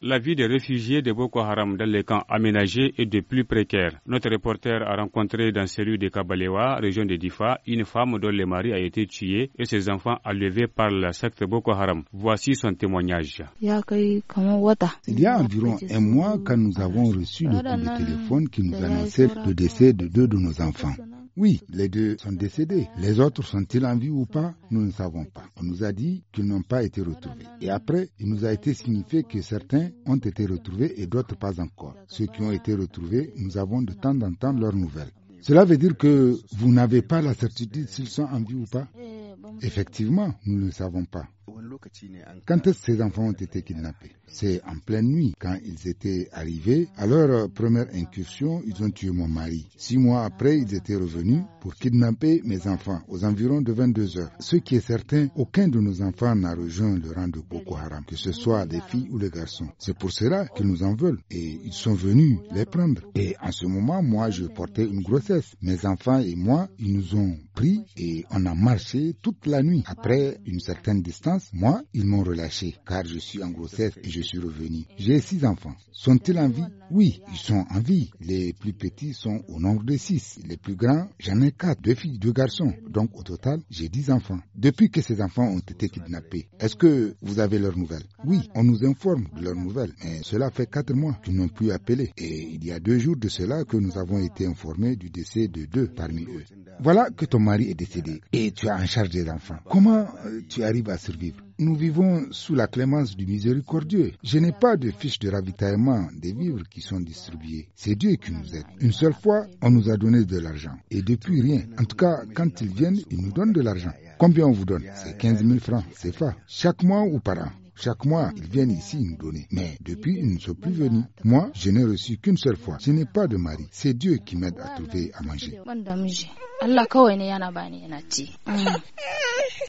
La vie des réfugiés de Boko Haram dans les camps aménagés est de plus précaire. Notre reporter a rencontré dans rues de Kabalewa, région de Difa, une femme dont le mari a été tué et ses enfants enlevés par la secte Boko Haram. Voici son témoignage. Il y a environ un mois quand nous avons reçu le coup téléphone qui nous annonçait le décès de deux de nos enfants. Oui, les deux sont décédés. Les autres sont-ils en vie ou pas Nous ne savons pas. On nous a dit qu'ils n'ont pas été retrouvés. Et après, il nous a été signifié que certains ont été retrouvés et d'autres pas encore. Ceux qui ont été retrouvés, nous avons de temps en temps leurs nouvelles. Cela veut dire que vous n'avez pas la certitude s'ils sont en vie ou pas Effectivement, nous ne savons pas. Quand est-ce que ces enfants ont été kidnappés C'est en pleine nuit. Quand ils étaient arrivés, à leur première incursion, ils ont tué mon mari. Six mois après, ils étaient revenus pour kidnapper mes enfants aux environs de 22 heures. Ce qui est certain, aucun de nos enfants n'a rejoint le rang de Boko Haram, que ce soit des filles ou des garçons. C'est pour cela qu'ils nous en veulent et ils sont venus les prendre. Et en ce moment, moi, je portais une grossesse. Mes enfants et moi, ils nous ont pris et on a marché toute la nuit. Après une certaine distance, moi, ils m'ont relâché car je suis en grossesse et je suis revenu. J'ai six enfants. Sont-ils en vie Oui, ils sont en vie. Les plus petits sont au nombre de six. Les plus grands, j'en ai quatre, deux filles, deux garçons. Donc au total, j'ai dix enfants. Depuis que ces enfants ont été kidnappés, est-ce que vous avez leurs nouvelles oui, on nous informe de leurs nouvelles, mais cela fait quatre mois qu'ils n'ont plus appelé. Et il y a deux jours de cela que nous avons été informés du décès de deux parmi eux. Voilà que ton mari est décédé et tu as en charge des enfants. Comment euh, tu arrives à survivre nous vivons sous la clémence du miséricordieux. Je n'ai pas de fiche de ravitaillement des vivres qui sont distribués. C'est Dieu qui nous aide. Une seule fois, on nous a donné de l'argent. Et depuis, rien. En tout cas, quand ils viennent, ils nous donnent de l'argent. Combien on vous donne C'est 15 000 francs, c'est ça. Chaque mois ou par an chaque mois, ils viennent ici nous donner. Mais depuis, ils ne sont plus venus. Moi, je n'ai reçu qu'une seule fois. Ce n'est pas de mari. C'est Dieu qui m'aide à trouver à manger.